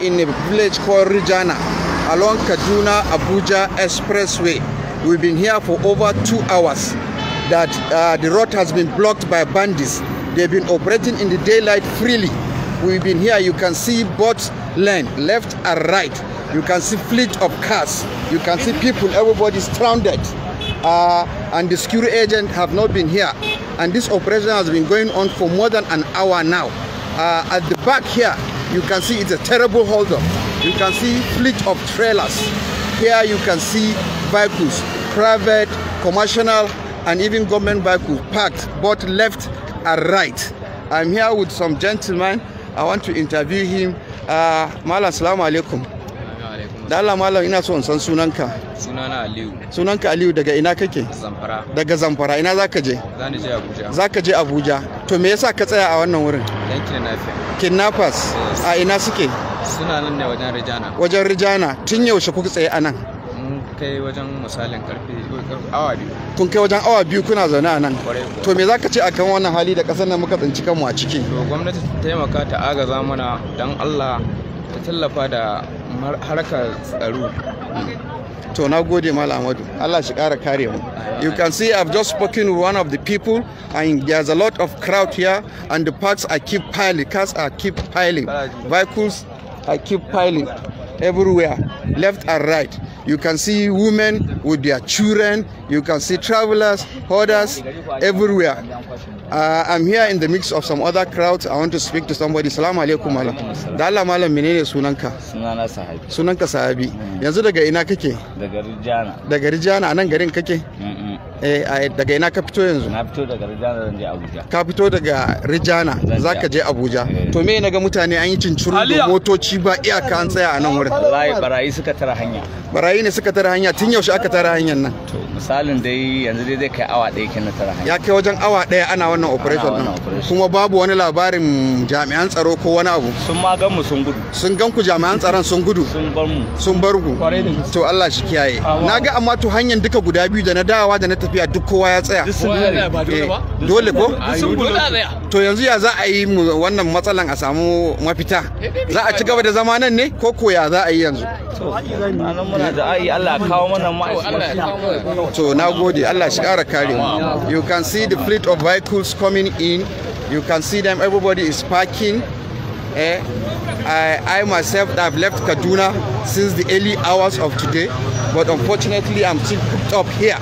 in a village called Rijana along Kaduna Abuja Expressway. We've been here for over two hours that uh, the road has been blocked by bandits. They've been operating in the daylight freely. We've been here, you can see both lane, left and right. You can see fleet of cars. You can see people, everybody's stranded. Uh, and the security agent have not been here. And this operation has been going on for more than an hour now. Uh, at the back here, you can see it's a terrible holdup. You can see fleet of trailers. Here you can see vehicles, private, commercial, and even government vehicles parked both left and right. I'm here with some gentleman. I want to interview him. Uh, alaikum. da Allah malam ina so in san sunanka sunana Aliyu sunanka Aliyu daga ina kake Zamfara daga Zamfara ina zaka je zani je Abuja zaka je Abuja to me yasa ka tsaya a wannan wurin dan kidnapping kidnappers a ina suke suna nan ne wajen Rijana wajen Rijana tun yaushe kuka tsaye anan kai wajen misalin karfe awa biyu kun kai wajen awa biyu kuna zaune a nan to me zaka ce akan wannan hali da kasar nan muka tsinci kanmu a ciki to gwamnati ta taimaka ta agaza mana dan Allah ta tallafa da tsaro to malam allah shi kara kare mu you can see i've just spoken with one of the people and there's a lot of crowd here and the parks I keep piling cars I keep piling vehicles I keep piling everywhere left and right you can see women with their children You can see travelers, hoarders everywhere. Uh, I'm here in the mix of some other crowds. I want to speak to somebody. Salamu alaikum ala. Da Allah malam menene sunanka? Sunana Sahabi. Sunanka Sahabi. Yanzu daga ina kake? Daga Rijana. Daga Rijana a nan garin kake? Eh, daga ina ka fito yanzu? Na fito daga Rijana zan je Abuja. Ka fito daga Rijana za ka je Abuja. Eh. To me na ga mutane an yi cincuru da motoci ba iyaka an tsaya a nan wurin. Wallahi barayi suka tara hanya. Barayi ne suka tara hanya tun yaushe aka tara hanyar nan. To misali misalin dai yanzu dai zai kai awa ɗaya kenan tara ya kai wajen awa ɗaya ana wannan operation din kuma babu wani labarin jami'an tsaro ko wani abu sun ma gan mu sun gudu sun gan ku jami'an tsaron sun gudu sun bar mu sun bar ku to Allah shi kiyaye na ga amma to hanyar duka guda biyu da na dawowa da na tafiya duk kowa ya tsaya eh, dole ko to yanzu ya za a yi wannan matsalan a samu mafita eh, eh, za a ci gaba da zama nan ne ko ko ya za a yi yanzu to Allah kawo mana to so na gode Allah shi kara kare you can see the fleet of vehicles coming in you can see them everybody is parking eh, I, I myself have left Kaduna since the early hours of today but unfortunately I'm still cooped up here